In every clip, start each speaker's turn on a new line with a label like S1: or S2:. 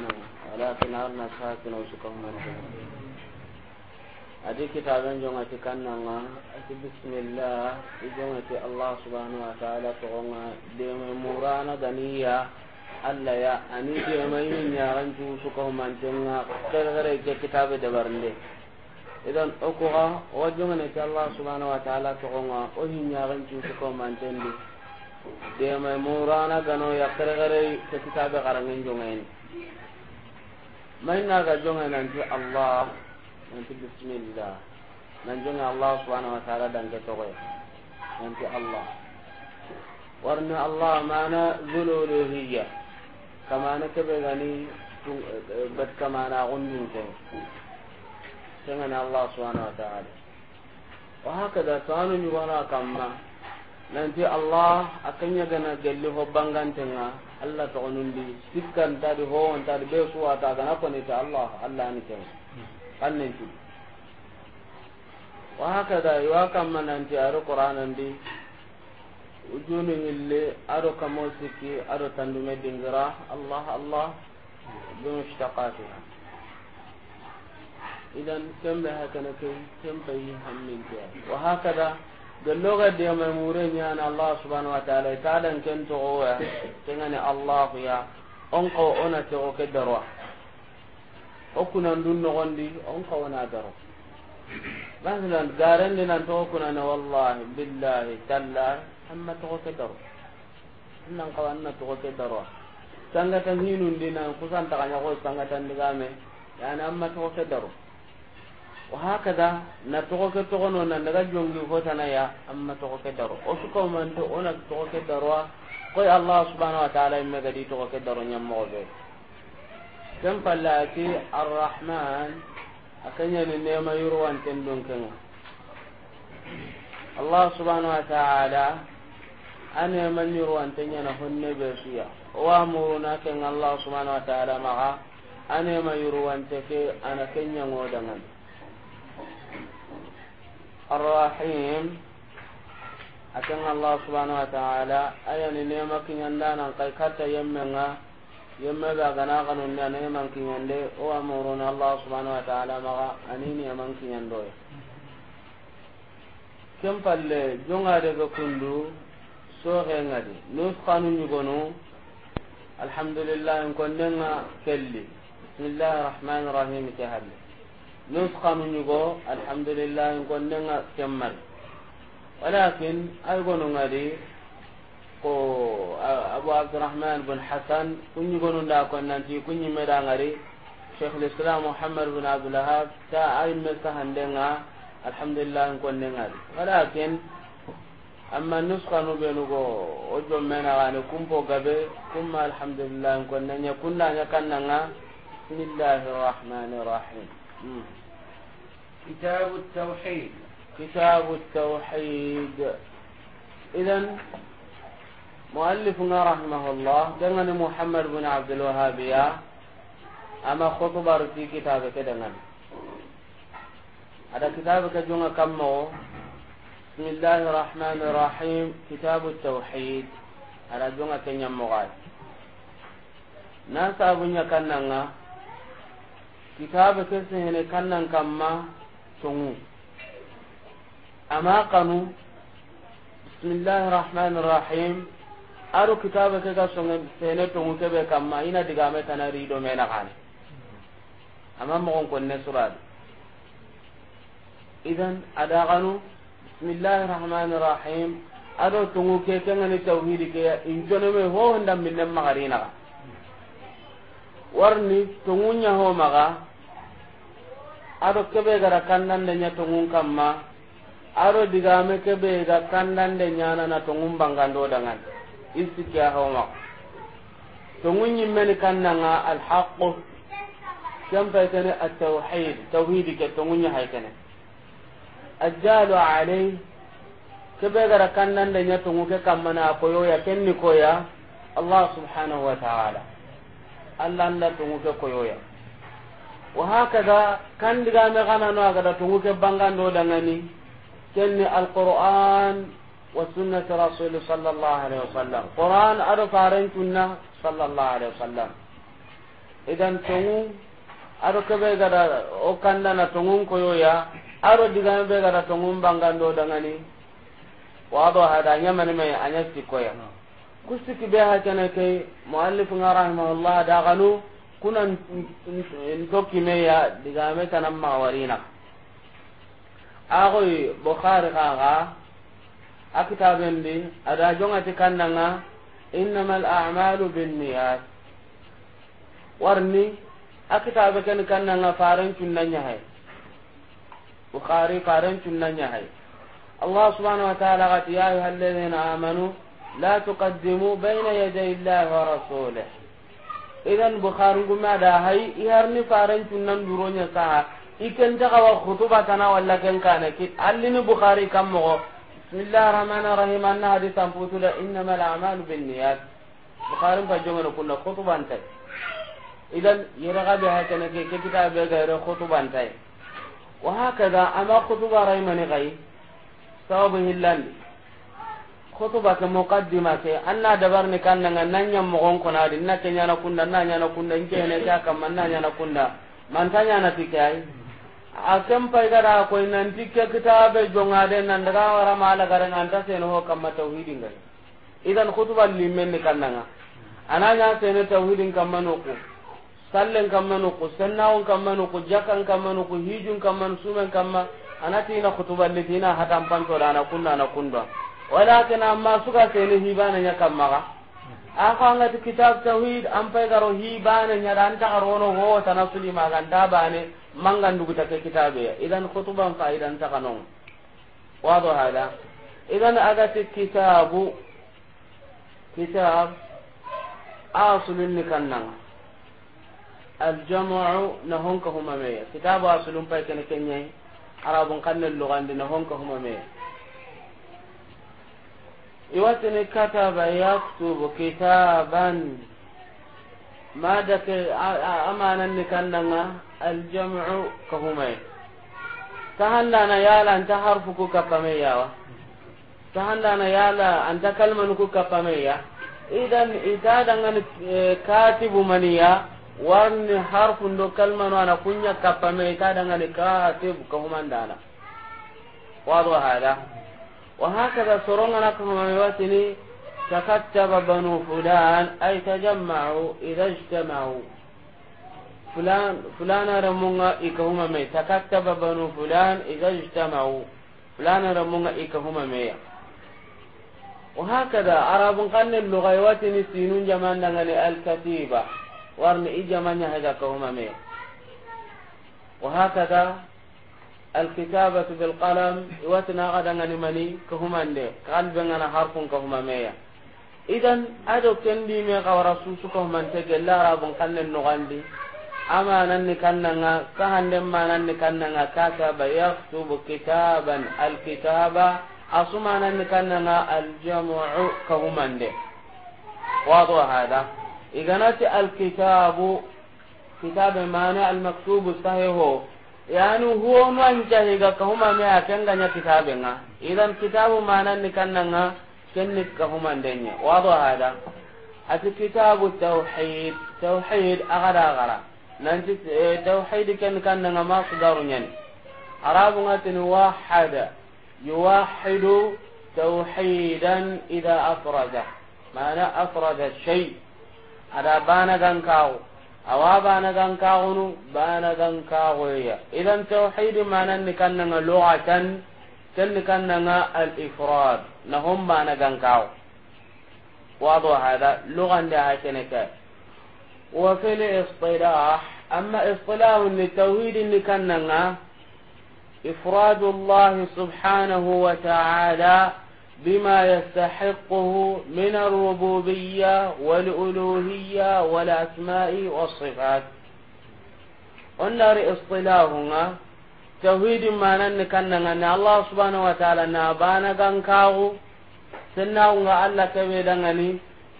S1: سبحانه ولكن أرنا ati bismillah maina ga jonga ti allah nanti bismillah nan jonga allah subhanahu wa ta'ala dan ke nan ti allah warna allah mana zululuhiyya kamana kebe gani bat na gundun ko sangana allah subhanahu wa ta'ala wa da tanu ni wala kamma ti allah akanya gana jalli ho bangantenga allah togonundi sikkantadi howantadi ta suwata gana ta allah allah ni kew annen ki. wa haka hakada iwa kamma nanti aro qur'anandi ujunu ille aɗo kamo sikki aɗo tandume dingira allah allah bimushtaqatiha idan kemɓe na ke kempa yi hammintea wa haka da. gelloga dema mure nyana allah subhanahu wa ta'ala tadan ken to oya tengani allah ya on ko ona te o ke darwa o kunan dun no gondi on ko ona daro masalan garan de nan to kunan wallahi billahi talla amma to ke daro nan ko anna to ke darwa sangatan hinun dinan kusan taganya ko sangatan digame yana amma to ke daro Waha kada na togo ke togo nuna naga jongi hotonaya an ma togo ke daru o sukan wuantan ona togo ke daru koi allah subhana wa ta'a la yin ma gadi ke daru nya mua bai kamfanin lafiya al rahman a ka ne ma yuri wante don ka allah subhana wa ta'a la an nema yuri wante nyana hunne bai wa muru na ka allah subhana wa ta'a la magana an nema yuri wante ke ana ka nya mo الرحيم أكن الله سبحانه وتعالى أي نعمة كنيندانا قد كتا يمنا يمنا بغنا غنونا نعمة كنيندي وأمرنا الله سبحانه وتعالى مغا أني نعمة كنيندوي كم فل جونغا دغ كندو سوغي غادي نسخانو نيغونو الحمد لله ان كنا كلي بسم الله الرحمن الرحيم تهلي nuskanu ñugo alhamdulillah gonɗenga kemmari walakin ay gonongadi ko abu abdurahman bin hasan kuñigonunda konnanti kuñimmedangari cheikh lislam mohamad bin abdulahab ta ayimme sahandenga alhamdulillah konnengari walakin amma nuskanu ɓenugo o jommenagani kumpo gabe kumma alhamdulillah konnenya kundaña kannanga bismillahi rahmani rahim mm. كتاب التوحيد كتاب التوحيد إذا مؤلفنا رحمه الله دعنا محمد بن عبد الوهاب يا أما خطبة في كتابك دعنا هذا كتابك جونا هو بسم الله الرحمن الرحيم كتاب التوحيد على جونا كنيا مغاد ناس أبونا كننا كتابك سهل كنن كما sungu amma kanu bismillahi rahmani rahim aro kitabe ke ga songe tene tongu kebe kamma ina me tana rido na kan amma kon konne suradi idan adaganu bismillahi rahmani rahim ado tungu ke ni tauhid ke me ho ndam minne magarina warni tungunya ho maga aro kebe gara kannande nya tongun kamma aro digame kebe ga de nyana na tongun bangando dangan istikiya hawma tongun yimmeni kannanga alhaqu kempa tene at-tauhid tauhid ke tongun hay tene ajjalu alai kebe gara kannande nya tongu ke kamma na koyo ya kenni koya allah subhanahu wa ta'ala allah anda tongu ke koyo ya wa hakaza kan diga me kana no aga da tungu ke bangan do dangani kenni alquran wa sunnati rasul sallallahu alaihi wasallam quran ado faran sunna sallallahu alaihi wasallam idan tungu ado kebe gada o kanda na ya ado diga me gada tungun bangan do dangani wa do hada nyamani me anyasti koya kusiki be da ganu kuna ntokimeya digame tanan mawarina axoy bukhari xaxa a kitabendi ada jongati kannanga innama alamalu binniyat warni a kitabe ken kannanga faren cunna ñahay bukhari faren cunna ñahay allah subhanau wa taala gati ya ayuha alladina amanu la tuqaddimu bayna yaday illahi wa rasulih idan bukhari kuma da iyar ni faran tunan duro nya sa ikan ta kawa khutuba kana walla kan kana ki allini bukhari kam mo bismillahir rahmanir rahim anna hadis an hadithan putula innamal a'malu niyat bukhari ba jonga kunna khutuban tay idan yara gabe ha kana ke ke ba ga ra khutuban tay wa hakaza ama khutuba raymani gai sabu hillandi kutuba ke muqaddima ke anna dabar ni kannanga nanya mogon kona di na kenya na kunda na nya na kunda inke ne ta kam na nya na kunda man tanya na tikai a kan pai gara ko nan tikke kitabe jonga de nan daga wara mala gara nan ta sen ho kam tauhidin ga idan kutuba ni men ni kannanga ananya sen tauhidin kam manuku sallen kam manuku sannawun kam manuku jakan kam manuku hijun kam man sumen kam ma anati na kutuba ni dina hatan panto da na kunda na kunda walakin amma suka seni hibana nya kammaga aka ngati kitab tauhid am pay garo hibana nya dan ta garono ho tanasuli maganda bane mangan dugu ta kitabe idan khutuban fa idan ta kanon wado hada idan agati kitabu kitab asulun nikannan الجمع نهونك هما مية كتاب أصل بيت نكنيه عرب قن اللغة نهونك هما مية iwatini kataba yaktubu kitaban madake amananni kannanga aljamcu kahumay tahandana yala anta harfu ku kappameyawa tahandana yala anta kalmanu ku ya idan itadangani e, katibu maniya warni harfu ndo kalmanu ana kunya da itadangani katibu kahumandana wado hada وهكذا سرنا كمامواتني تكتب بنو فلان أي تجمعوا إذا اجتمعوا فلان فلان رمونا إكهما مي تكتب بنو فلان إذا اجتمعوا فلان رمونا إكهما مي وهكذا عرب قن اللغة واتني سينون جمان الكتيبة وارن إجمان يهجا كهما مي وهكذا الكتابة بالقلم واتنا غدا نمني كهما دي قلبا أنا حرف كهما ميا إذن أدو كندي مي غورا سوسو كهما تجل لا راب قلن النغاندي أما نني كننا كهن ما نني كننا كتب يكتب كتابا الكتابة أصما نني كننا الجمع كهما دي واضح هذا إذا الكتاب كتاب معنى المكتوب صحيح yani huwonu an jahiga kahumame a kenganya kitabe nga idan kitabu mananni kannanga kenni kahumandenya wado hada ati kitabu tawhid tawhid agada agara nanti eh, tawhid ken kannanga ma kudaru nyani arabu ngatini wahada yuwahidu tawhidan idha afrada mana afrada shay ada bana gankawo awa bana gan kaxunu bana gan kaxoya idan nan tawhidi kan kannanga lugatan kan kannanga al ifrad nahon bana gan kaxo wado hada da ha kene ka wa fil istilah amma istilah ni tawhid ni kannanga ifrad allah subhanahu wa ta'ala بما يستحقه من الربوبية والألوهية والأسماء والصفات onnari istilahunga tauhidi mananni kannangani allah subhanahu wa taala na banagan kaxu sennaxunga allah keɓe dangani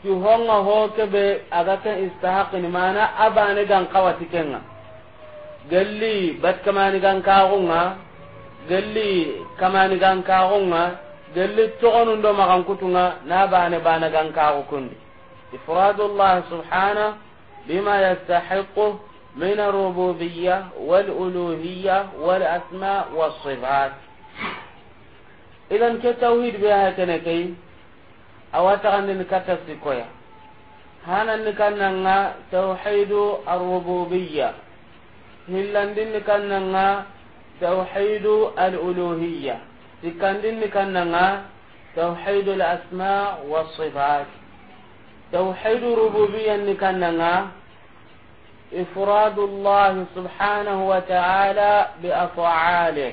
S1: ti honga ho keɓe aga ken istahaqini mana a bane gan kawati kenga gelli bat kamani gan kaxunga gelli kamani gan kaxunga gelli togonun do magan kutunga na bane bana ganka kago kundi ifradu subhana bima yastahiqu min arububiyya wal uluhiyya wal asma was sifat idan ke tauhid be ha kene kai awata ni kata sikoya hanan ni kannanga tauhidu arububiyya hillandin ni kannanga tauhidu al uluhiyya sikandinni kannanga tawhidu lasma wasifat tawhidu rububiyanni kannanga ifradu llah subhanahu wa taala biafalih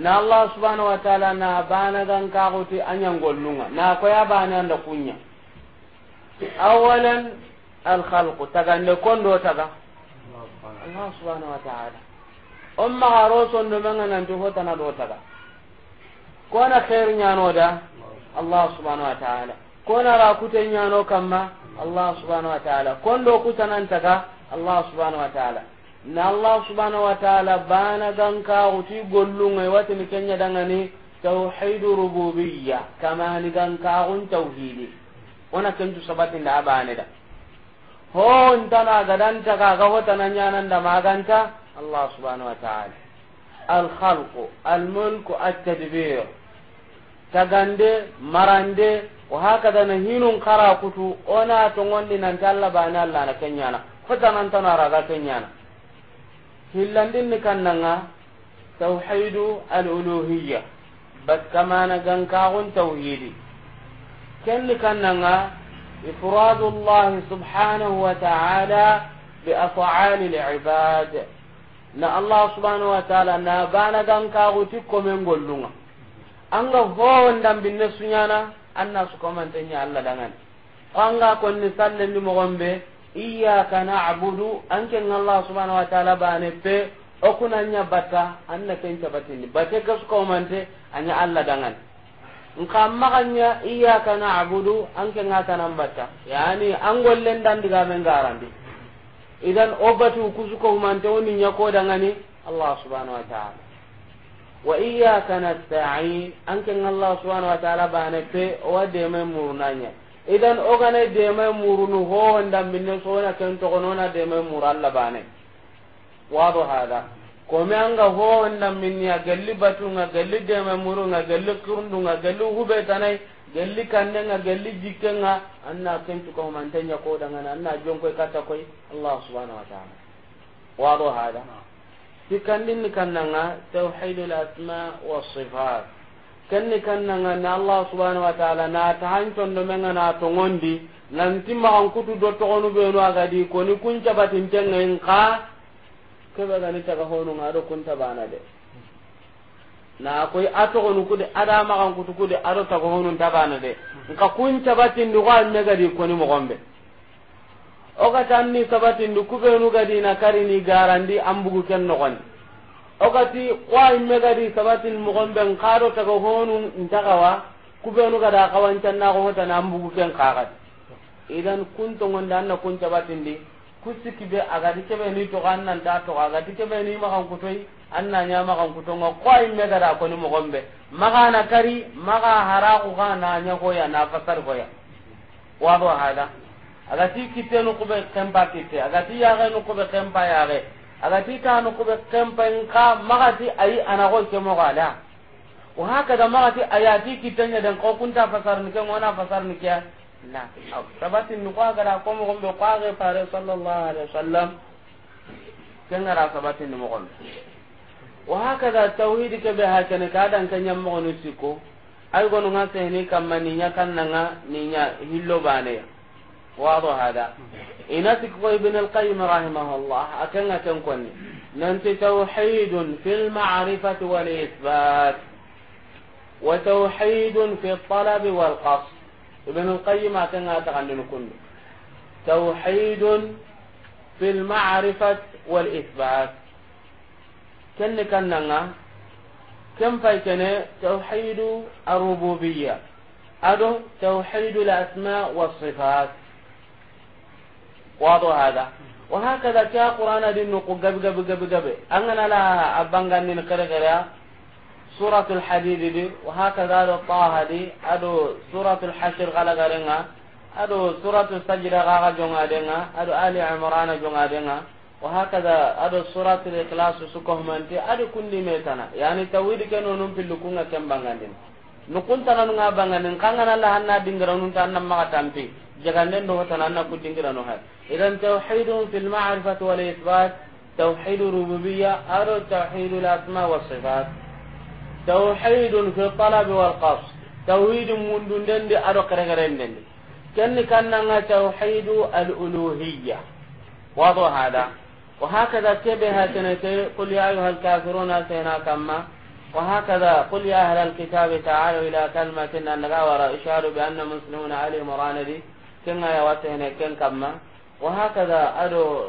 S1: na allah subhanahu wa taala na banagan kaxuti a ñangollunga na koya bane anda kuña awalan alhalqu tagande kondo taga allah subhanahu wa taala on maxa ro sondomenga nanti hotana do taga kona khair da allah subhanahu wa taala kona rakute nyano kamma allah subhanahu wa taala kondo kutanantaga allah subhanahu wa taala na allah subhanahu wa taala bana ganka gankaxuti tauhid watini Kama ni ganka un gankaxun ona wona kencu da a da ho ntana gadantaga ga hotana da maganta allah subhanahu wa taala al almulku at tadbir tagande marande wa hakada na hinun kara kutu ona to ngondi nan talla bana Allah na ko ta nan tana raga na hillandin ni kannanga tauhidu al-uluhiyya bas kamana hun tauhidi kenni kannanga ifradu Allah subhanahu wa ta'ala bi af'ali al-ibad na Allah subhanahu wa ta'ala na bana hu tikko men gollunga anga hoon ne sunyana anna sukomantenya allah dangani o anga konni sallendi mogonɓe iyaka abudu anken allah subhanahu wa taala bane pe okunanya bata anna ken ni bate ga sukomante anya allah dangan nka maganya abudu nabudu anken kana bata yani an diga men garandi idan o batu kusukohumante woninya kodangani allah subhanahu wa taala wa iyyaka nasta'in an kan Allah subhanahu wa ta'ala bana pe wa de murnanya idan ogane de mai murunu ho wanda minne so na kan na de mai mur Allah bana wado hada ko me anga batu nga galli de muru nga galli kurundu nga galli hube tanai kanne nga nga ko sikandinni kannanga tawhidul asma wasifat kenni kannanga na allah subhanahu wa taala na do menga na togondi nanti maxan kutu do togonu ɓenu agadi koni kuncabatintengen ka keɓe gani taga kun aɗo bana de na koy ato togonu kude ada maxan kutu kude aɗo taga honun bana de nka di ko an di koni mogonɓe ogatanni sabatindi kubenu gadina karini garandi ambugu ken ti ogati kwaimme gadi sabatin mogonɓen kaɗo taga honu ntagawa kubenu gada na ambugu ken kagadi idan kun dan na kun sabatindi kusikibe agati keɓeni togo annanta togo ma kan magankutoyi anna ñamagankutonga kwaimme gada koni mogonɓe na kari maga haraku ga ya na wa ba hada agati kitenu kube kempa kite agati yagenu kube kempa yare agati tanu kube kempa nka magati ayi ke kemo gala wa da magati ayati nya den ko kunta fasarni ke ngona fasarni ke la sabati ni kwa gara ko mo gombe kwa ge pare sallallahu alaihi wasallam kengara sabati ni mo gombe wa da tauhid ke be hakene kadan nyam mo no siko ay gonu ngase ni kamani nya nanga ni nya hillo bane واضح هذا إناتك ابن القيم رحمه الله أكلنا تنكني ننت توحيد في المعرفة والإثبات وتوحيد في الطلب والقصد ابن القيم أكلنا تغنين كن توحيد في المعرفة والإثبات كن كننا كم فايتنا توحيد الربوبية أدو توحيد الأسماء والصفات kwado hada wa hakada ta qur'ana din nu gabi gabi gabi gabi an gana la abangan din kare kare suratul hadid di wa hakada da taha di ado suratul hasir gala garenga ado suratul sajda gaga jonga denga ado ali imran jonga denga wa hakada ado suratul ikhlas su ko manti ado kunni metana yani tawhid kenu num pilukunga kembangan din nu kunta nanu ngabangan kan gana la hanna dingra nun tanna ma tampi jaga nendo tananna ku dingra no إذا توحيد في المعرفة والإثبات توحيد الربوبية أو توحيد الأسماء والصفات توحيد في الطلب والقصد توحيد من دون دين أو كرغرين كن كان توحيد الألوهية واضح هذا وهكذا كبه سنتي قل يا أيها الكافرون سينا كما وهكذا قل يا أهل الكتاب تعالوا إلى كلمة أن نغاور إشار بأن مسلمون عليهم مراندي كنا يواتهن كن كما wa hakaza ado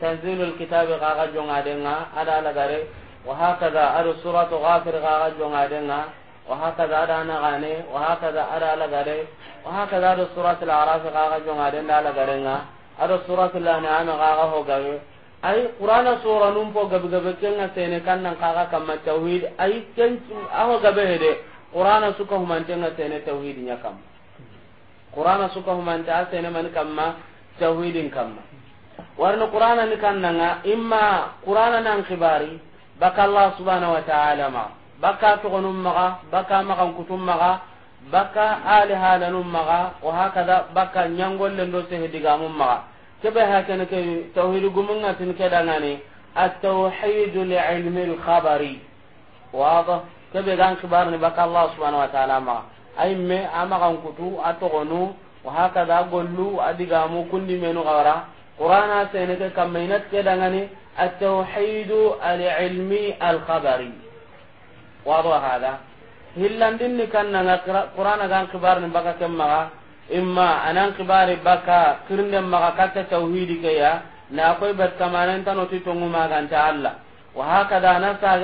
S1: tanzilul kitab gaga jonga denna ada ala gare ado suratu ghafir gaga jonga denna wa hakaza ada ana gane wa ado suratul araf gaga jonga denna ala gare nga ado suratul an'am gaga ho gawe ay qur'ana sura num po gabe gabe kenna tene kanna kaga kam tawhid ay ken tu aho gabe hede qur'ana suka humantena tene tawhid nya kam qur'ana suka humantena tene man kamma tauhidin kamma warni qur'ana ni kannanga imma qur'ana nan khibari baka allah subhanahu wa ta'ala ma baka maga baka magan kutum maga baka ali halanum maga wa hakada baka se hedigamum maga kebe hakene ke tauhid gumunga tin kedangani التوحيد لعلم الخبر واضح كبه كان wa hakada gollu adigamu kundi menu kawara qur'ana seneke kammainat ke dangani التوحيد العلمي الخبري واضح هذا hillandin ni kan nanga qur'ana gan kibar ni baka kemma imma anan kibar baka kirne maka kata tauhidi ke ya na koy bat kamanan tan oti tongu ma gan ta alla wa hakada na sa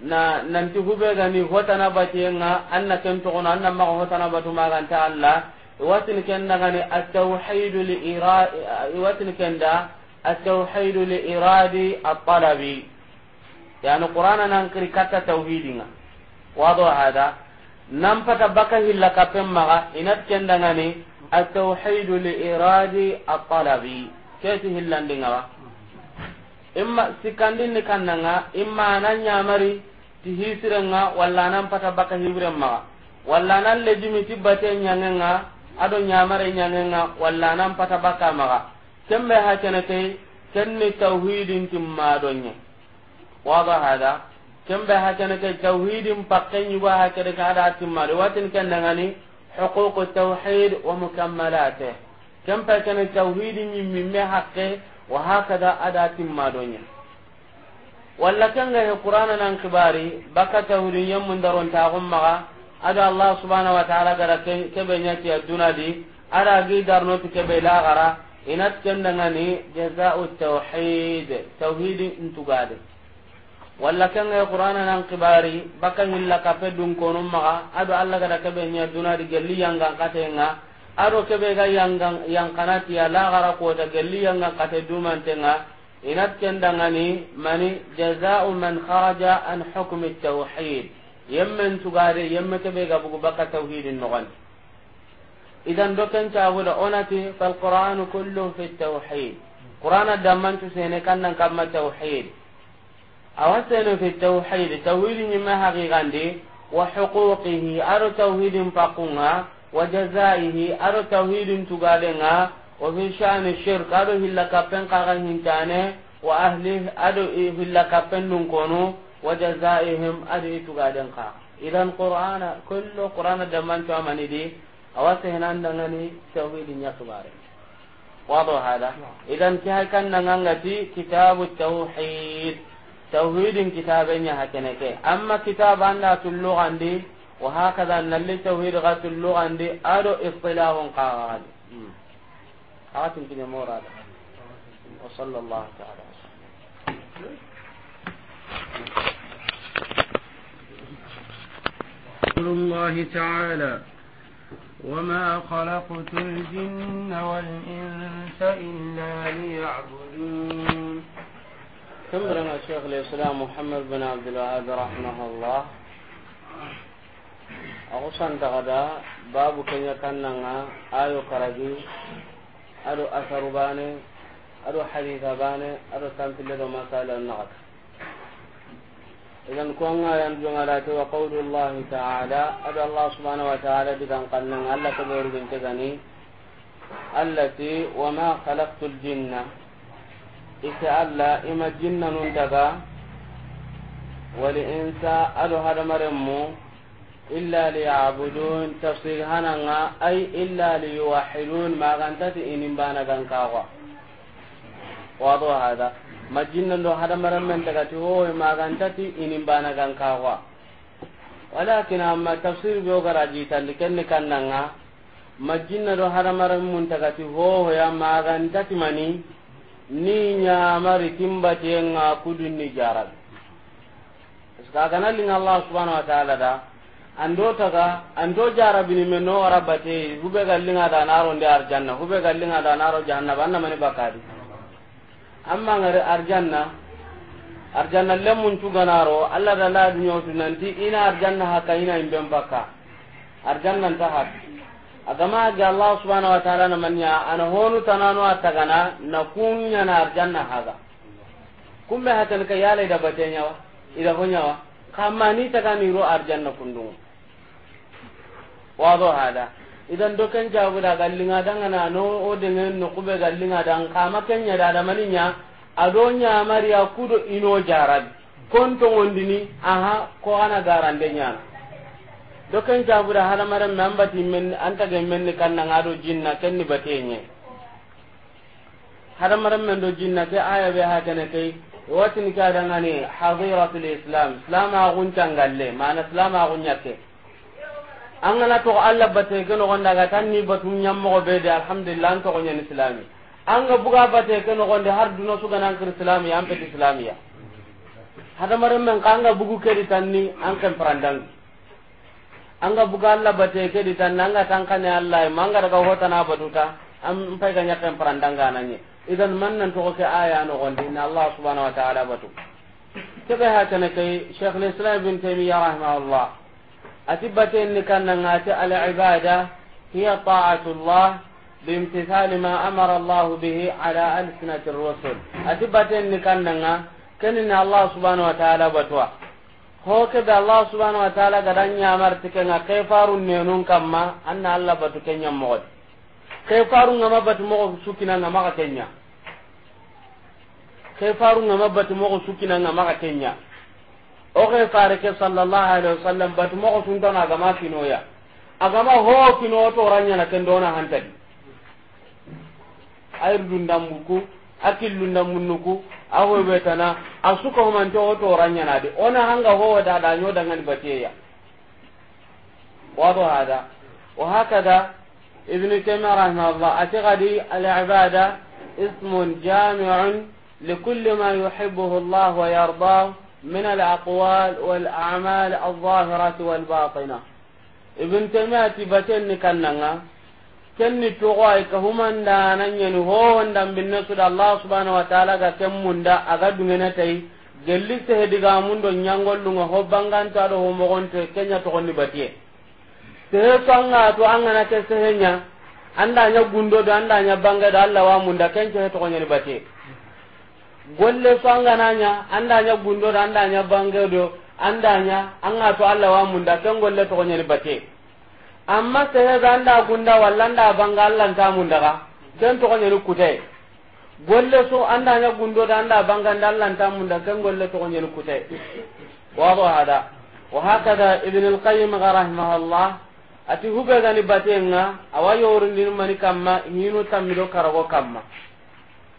S1: na nanti hube ga ni hota na ba ke nga anna ken to ona anna ma hota na ba to ma ganta alla watin ken na gani at tauhid li ira watin ni kenda at tauhid li iradi at talabi yani qur'ana nan kri kata tauhidinga wado hada nam pata baka hilla ka pemma ga inat ken da gani at tauhid li iradi at talabi kete hillandinga imma sikandin ni nga imma nan nyamari ti hisirenga walla nan pata baka hibirenmaga walla le lejimi ti bate ñangenga ado ñamare nga walla nan pata baka ma kembe ha kene te kenni tawhidintin maɗonye wada hada kembe ha kene te tauhidin pakken yuba ha kene ke ada timmade watin kendengani حقوق التوحيد ومكملاته كم فكان التوحيد من مما حقه وهكذا أداة ما donye. walla kanga he qur'ana nan kibari baka tawhidin yamun daron ta gumma ada allah subhanahu wa ta'ala gara be nyati aduna di ada gi darno ti be la gara inat kendanga ni jazaa'u tawhid tawhid gade walla kanga he qur'ana nan kibari baka hilla ka pedun konum ma ada allah gara be nyati aduna di gelli yanga nga ado be ga yanga yang kanati ala gara ko ta gelli yanga kate dumantenga inat kendangani mani jaza'u man kharaja an hukmi at-tauhid yemmen tugade yemme kebe ga bugu baka tauhidin nogon idan do ken tahuda onati fal qur'anu kullu fi at-tauhid qur'ana damman tu sene kannan kamma tauhid awasene fi at-tauhid ma yemma wa huquqihi aro tauhidin faqunga wa jazaihi aro tauhidin tugadenga وفي شأن الشرك أدو هلا كبن قاغن هنتاني وأهله أدو هلا كبن ننكونو وجزائهم أدو إتغادن قاغ إذا القرآن كل قرآن دمان توامني دي أواسهن أندغني توحيد يقبارك واضح هذا إذا كها كان نغنغتي كتاب التوحيد توحيد كتابين هكنك أما كتاب أن لا تلغ عندي وهكذا أن اللي توحيد غات اللغة عندي أدو إصطلاح قاغ هاتم كده هذا وصلى الله تعالى وسلم الله تعالى وما خلقت الجن والإنس إلا ليعبدون ثم لنا شيخ الإسلام محمد بن عبد الوهاب رحمه الله أغسان تغدا باب كن يكننا نعم، آيو كرجي aɗo asaru bane aɗo haditha bane aɗo tampille ɗo masala naxata idan yan konga yandujongalate wa qawlu llahi taala aɗo allah subhanau wa taala digan kannanga allah keɓeoruginte gani allati wama halaktu ljinna Ita allah ima jinna nun daga wali insa hada hadamaren mu illa liyabudun tafsir hananga ay illa liyuwahidun magantati inin banagan kawa wado hada majinnan do hada marammen dagati hoy magantati inin banagan kawa walakin amma tafsir be ogara jitandi kenne kannanga majinna do hada marammun dagati hoho ya magantati mani ni ñamari timbatenga kudunni jarabi parce que agana allah subhanau wa taala da ando taga ando jarabini me no warabate hube gallinga da naro nde arjanna hube gallinga da naro jahanna banna mani bakadi amma ngare arjanna arjanna lemun cuganaro alla da la dunyotu nanti ina arjanna haka ina imben baka arjanna ta hak agama ga allah subhanahu wa ta'ala na manya ana honu tanano atagana na kunya na arjanna haga kumbe hatan kayale yale da batenya wa ida wa kamma ni taga ni ro arjanna kundu wado hada idan dokan jabu da gallinga dan ana no o dengen no kube gallinga dan kama kenya da da maninya adonya maria kudo ino jarab konto ngondini aha ko ana garande nya dokan jabu da hala maran namba timmen anta men ni kanna ngado jinna kenni batenye hada maran men do jinna ke aya be ha kenete kai wotin ka dangane hadiratul islam islam agun tangalle mana islam agun yake an gana to Allah bate ke no gonda ga tanni batun nyam mo be da alhamdulillah an to gonya islami an ga buga bate ke no gonda har duno su ganan kir islami an pe islamiya hada maran man kan ga bugu ke tanni an kan parandang an ga buga Allah bate ke di tanna an ga tankane Allah ga daga hota na baduta an pe ga nyakan ga gananye idan man nan to ke aya no gonde na allah subhanahu wa ta'ala batu kebe ha kana kai shaykh al-islam ibn taymiyyah rahimahullah atibate ni kan nan ati al ibada hiya kan nan ما أمر allah subhanahu wa ta'ala batu أتبتن ke da allah subhanahu wa ta'ala ga dan الله سبحانه وتعالى kai farun ne nun kamma anna allah batu بتكن يمغد faru ngama bati mo sukina ngama maka kenya faru ngama bati mo sukina ngama maka kenya o ke fare ke sallallahu alaihi wasallam bati mogo sunta na gama finoya agama ho kino to ranya na kendona hantadi ayr dundambuku akillu ndamunnuku awo betana asuko man to to ranya na de ona hanga ho da da nyoda ngani batiya wado hada wa hakada ابن تيمية رحمه الله اعتقد العبادة اسم جامع لكل ما يحبه الله ويرضاه من الأقوال والأعمال الظاهرة والباطنة ابن تيمية بتن كننا كن تغايك هما ندانا ينهو بالنسبة الله سبحانه وتعالى كمون دا أغد منتي جلسة هدقامون دون ينغل لنغا هو بانغان كن يتغني sehe to anga to anga na ke sehe nya anda nya gundo do anda nya banga da Allah wa munda ken ce to nya bate golle so anga na nya anda nya gundo do anda nya banga do anda nya anga to Allah wa munda ken golle to nya bate amma sehe da anda gunda walla anda banga Allah ta munda ga ken to nya kutai golle so anda nya gundo da anda banga da Allah ta munda ken golle to nya kutai wa hada وهكذا ابن القيم رحمه الله ati hube gani batenga awa yorindini mani kamma hinu tammido karago kamma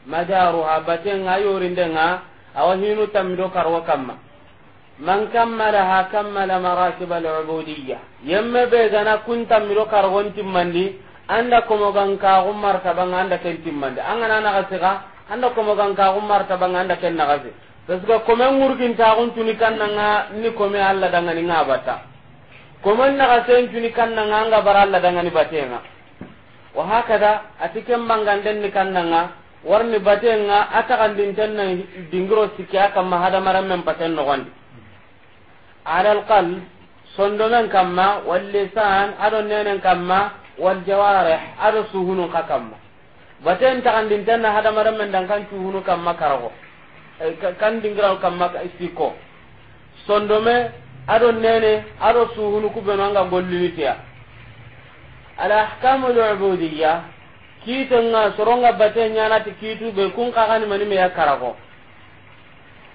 S1: majaruha batenga yorindenga awa hinu tammido karago kamma man kammalaha kammala maratiba alubudiya yemme be gana kun tammido karagon timmandi anda komogankaxu martabanga anda ken timmandi angana naxasega anda martaba nga anda ken naxase parce que kome ngurgintaxuntuni nga ni kome allah dangani nga batta komon naga nga kannanga anga bara alla dangani batenga wa hakada ni kanna nga warni batenga dingro sikya sikki a maram men paten gandi ala alqalb sondomen kamma lisan adon nenen kamma waljawarih aɗo suhunun ka kamma baten tagandintenna hadamaranmen dan kan cuhunu kamma karago eh, kan dingiran kamma isiko sondome ado nene ado suhunu kubenu anga gollinitia alahkamu lubudiya kito nga soronga bate ñanati kitu be kun kakani mani meya karago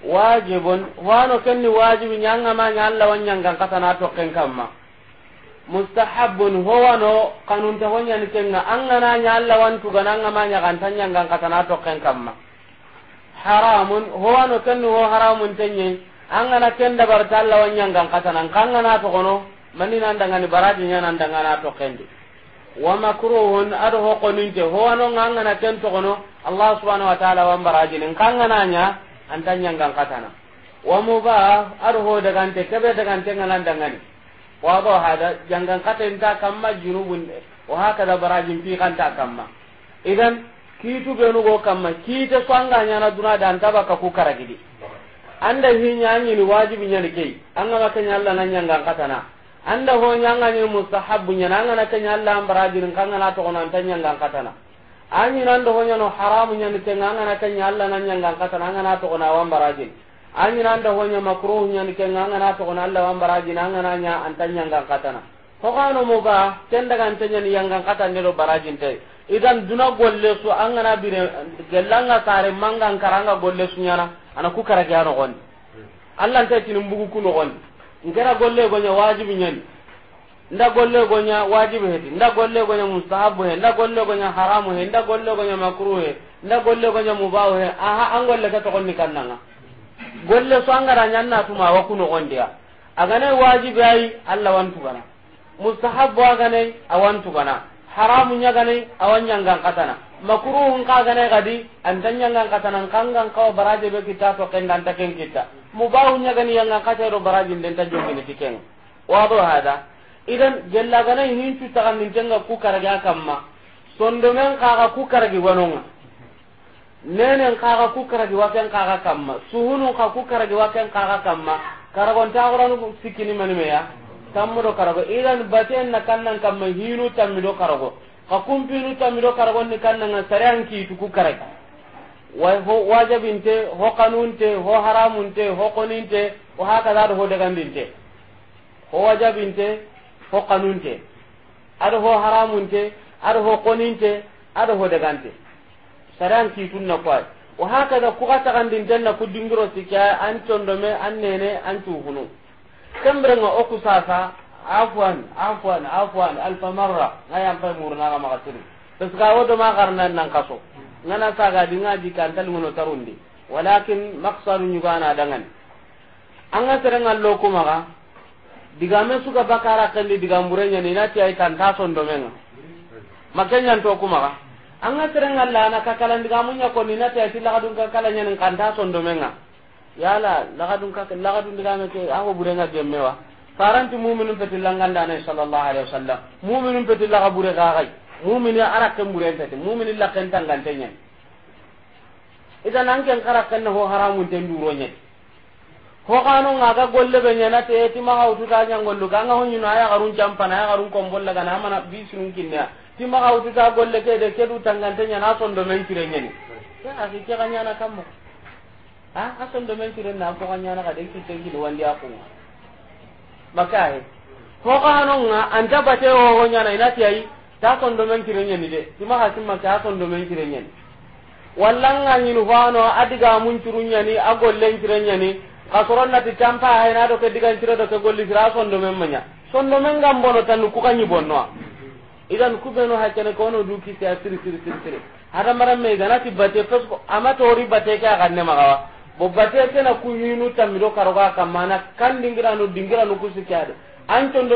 S1: wajibun wano kenni wajibi ñangama ñalla wa ñangan katana tokken kamma mustahabun howano kanunta honyani kenga angana ñalla wantugana angama ñaganta ñangan katana tokken kamma haramun howano kenni ho haramun tenye an gana kenda bar barta Allah wanyan kata katana kan na to kono mani nan daga ni baraji nya nan daga na to kende wa makruhun adu ho konin je ho anon an na ken to kono Allah subhanahu wa ta'ala wa baraji nin kan na nya an tan nya kata katana wa mubah adu ho daga ante kebe daga ante ngalan daga ni wa do hada jangan kata ta kamma junubun wa hakada baraji fi kan ta kamma idan kitu benu go kamma kite swanga nya na dunada antaba ka ku karagidi anda hinya ni wajibi nyani kei anga makanya Allah nanya ngang katana anda ho nyanga ni mustahabu nyana anga nakanya Allah ambaradirin kanga na to konan tanya ngang katana anyi nando ho nyano haramu nyani kenga anga nakanya Allah nanya ngang katana anga na to konan ambaradin anyi nando ho nyama makruh nyani kenga anga na to konan Allah ambaradin anga nanya antanya ngang katana ho muka muba tenda kan nya ni yang ngang katana do barajin tai idan duna golle su anga na bire gelanga sare mangang karanga golle su nyana ana ku kara ano gon Allah ta tinin bugu ku no gon ngara golle gonya wajibi nyen nda golle gonya wajibi hedi nda golle gonya mustahab he nda golle gonya haramu he nda golle gonya makruh he nda golle gonya mubah he aha an golle ka to konni kannanga golle so angara na tuma wa ku no gondia agane wajibi ai Allah wantu bana mustahabu awan tu bana haramu nyagane awanyangan katana makruhun ka gane gadi antanya ngan katanan kangan kawa baraje be kita to kendan ta ken kita mubahu nya gani yang ngan kata ro baraje den ta jogi ni tiken wado hada idan gella gane hin cu ta kan nintenga ku karaga kamma sondomen kaga ku karagi wanonga nenen kaga ku karagi waken kaga kamma suhunun ka ku karagi waken kaga kamma karagon ta goranu sikini manime ya tammudo karago idan baten na kannan kamma hinu tammido karago ka kumpinu tamido karagonni kan nanga sarean kiitu ku karag ho wajabinte ho kanunte ho haramunte ho koninte o hakaza ado ho dagandinte ho wajabinte ho kanunte ado ho haramunte ado ho koninte ado ho dagante sarean kiitun na kuay o hakaza kuga tagandinten na ku dingiro sikke an condome an nene an cuhunu kemberenga oku sasa afwan afwan afwan alf marra na yam pay murna ga magasiri bas ga wodo ma karna nan kaso ngana saga di ngaji kan tal ngono tarundi walakin maqsaru nyugana dangan anga serenga loko maga digame suka bakara kandi digamburenya ni nati ay kan taso ndomenga makanya to kumaga anga ka lana kakalan digamunya ko ni nati ay tilagadun kakalanya nan kan taso ndomenga yala lagadun kak lagadun digame ke aho burenga gemmewa faranti muminun petullangandane sallallahu alaihi wasallam muminun petullaga bure gagai mumini araken burentati mumini lakkentanganteñani idan anken karakkenna ho haramunten duroñani hoxanongaga golleɓe ñanate timaxawtuta ñangolluga anga hoñino a yaxarun campana a yaxarun kombollagana amana bisunun kinnea timaxawtuta golle de kedu tangante na ñana a sondomen cireñani ke axi kexa ñana kammo na ko sondomen cirenna a foxa ñana xa den kittenkini wandi a kunga ko makahe hoka hanonga anta bate hoho nyana inati yi ta kondo men kirenyani de ma hasim ma ta kondo men kirenyani wallanga nyinu hoano adiga mun curunyani agollen kirenyani kasoronnati campa na do ke digan kire do ke golli sira kondo men manya kondo men gambono tan ku kanyi nuwa. idan kubeno hakene kono duki ta siri siri siri siri hada maram me ganati bate fasko amatori bate ka ganne magawa bobbate kena ku hinu tammido karoga kammana kan dingiranu an kusikiade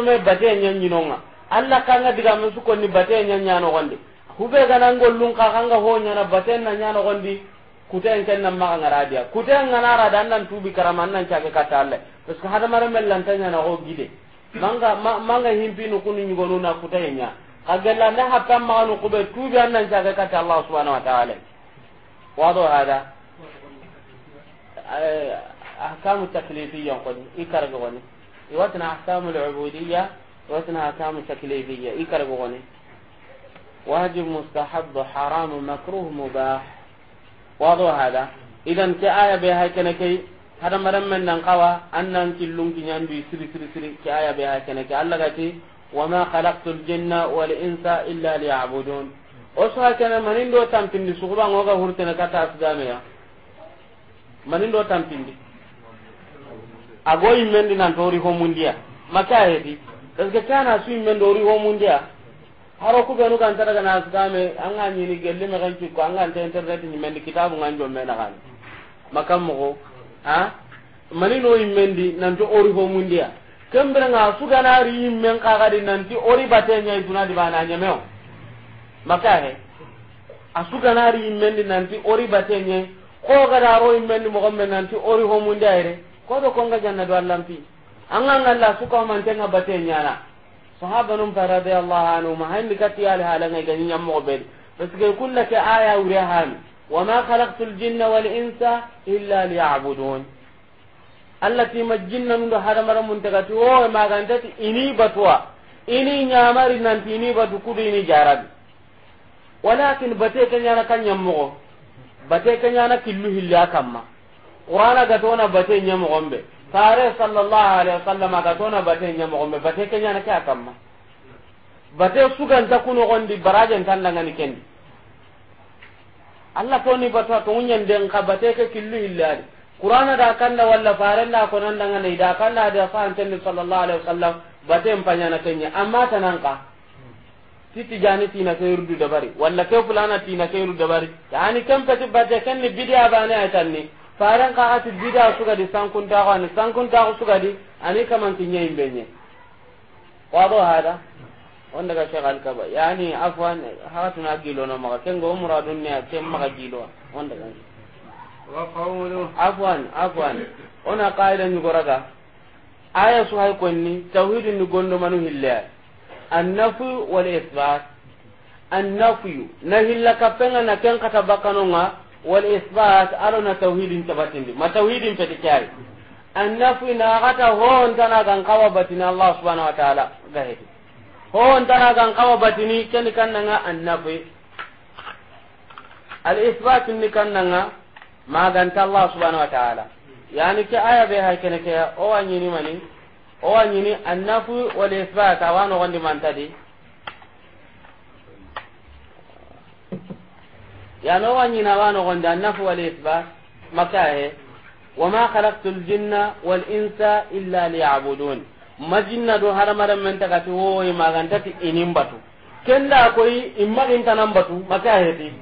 S1: me bate ñañinonga allah kanga suko ni bate ñañanogondi hube gana ngollun ka kanga ho ñana baten na ñanogondi kuten ken nan maga ngaradiya kuten nganarada an nan tuubi karama an nan cake katta allah parce que hadamaremel na ho gide manga manga no kunu ñigonuna kutaye ña ka gella nda happe an maga nukube tuubi an nan cake katta allah subhanahu wa taala wado hada ahkamu taklifiyan koni ikarga koni iwatina ahkamu al-ubudiyya iwatina ahkamu taklifiyya ikarga koni wajib mustahab haram makruh mubah wado hada idan ke aya be hay kene kay hada maram men nan kawa annan killun kinyandu siri siri siri ke aya be hay kene kay allah gati wama khalaqtul jinna wal insa illa liya'budun o so hay kene manin do tampindi suguba ngoga hurtene kata asdame ya manin do tampindi ago immendi nan tori ho mundiya maka hedi kaske kana su immendi ori ho mundiya haro ku benu kan tara kana asgame an ga ni gelle me kan ko an ga ta internet ni mendi kitabu ngan do na kan maka mo ha manin o immendi nan ori ho mundiya kembere nga su gana ri immen ka ga din nan ti ori batenya iduna di bana nyameo maka he asugana ri immendi nan ti ori batenya ko gada ro immen mo gombe nanti ori ho mun daire ko do ko ngajan na do allampi anga ngalla su ko man tenga bate nyana sahaba num fa radiyallahu anhu ma hanni kati al halanga gani nyam mo be bas ke kunna ke aya wure han wa ma khalaqtul jinna wal insa illa liya'budun allati majinna ndo hadamara mun taga to o e ma gantati ini batwa ini nyamari nanti ini batu kudu ini jarabi walakin bate kanyana kanyam mo bate kenyana killu hilya kamma qur'ana tona bate nya gombe fare sallallahu alaihi wasallam tona bate nya gombe bate kenyana ka kamma bate ta kuno gondi barajen ni ken allah toni bata to den ka bate ka killu hilya qur'ana da kanda walla da ko nan ni da kanda da fa'an tan sallallahu alaihi wasallam bate empanya na kenya amma tananka titi jani tina kayru dabari walla ke fulana tina kayru dabari yani kam pati bate kan ni bid'a bana atanni faran ka ati bid'a suka di sankun ta ko ni sankun ta ko suka di ani kam kaman tinya imbenye wado hada on daga shekh ka ba yani afwan na gilo no maka kengo muradun ne ken maka gilo on daga wa qawlu afwan afwan ona qaida ni goraga aya su hay konni tawhidun ni gondo manu hillaya annafu wal isbat annafu nahi la ka na ken kata bakano wal isbat aro tauhidin tabatindi ma tauhidin kai annafu na kata hon tana kawa allah subhanahu wa taala gahe kawa batini ken kan annafu al isbat ni kan ma allah subhanahu wa taala yani ke aya be ken ke o mani o wa nyini annafu wal isbat awano gondi mantadi yano wa nyina awano gondi annafu wal isbat makahe wama khalaqtul jinna wal insa illa liya'budun majinna do haramara men tagati wo inin batu kenda koy imma intanan batu makahe ti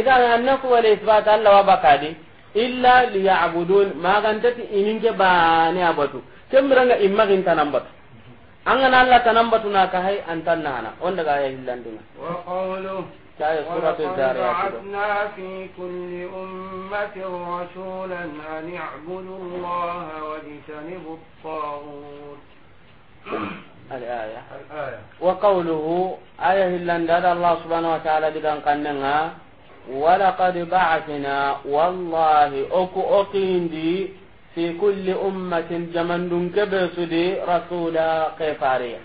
S1: idan annafu wal isbat Allah wa bakadi illa liya'budun magantati ininke bane abatu kemiranga immagin tanambatu angana alla tanambatu na kahai antan nana onda na fi kulli ummatin rasulan an ya'budu allaha wa wallahi oku oqindi fi kulli ummatin jamandun kebe sudi rasula kefariya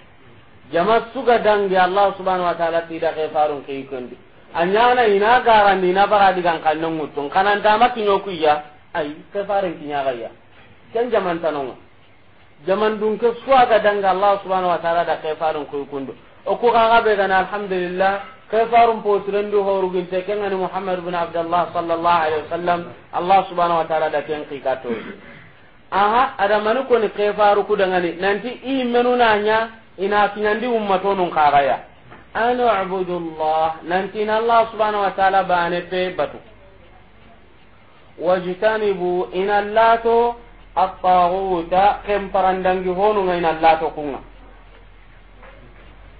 S1: jama suga dangi allah subhanahu wa ta'ala tida kefarun ke ikondi anyana ina garandi ina baradi gan kannon mutun kanan dama kinyo kuya ai kefarin kinya gaya ken jaman tanonga jaman dun ke suaga danga allah subhanahu wa ta'ala da kefarun ku ikondo o ku ga be gan alhamdulillah kefarun potrendu horugin te ken ani muhammad ibn abdullah sallallahu alaihi wasallam allah subhanahu wa ta'ala da ken kikato aha adamani koni kefaru dangani, nanti nanya ina kinyandi ummatonun kagaya an abudullah nanti ina allah subhanahu wa taala bane pe batu wajtanibu ina lato attaguta kemparandangi honunga ina lato kunga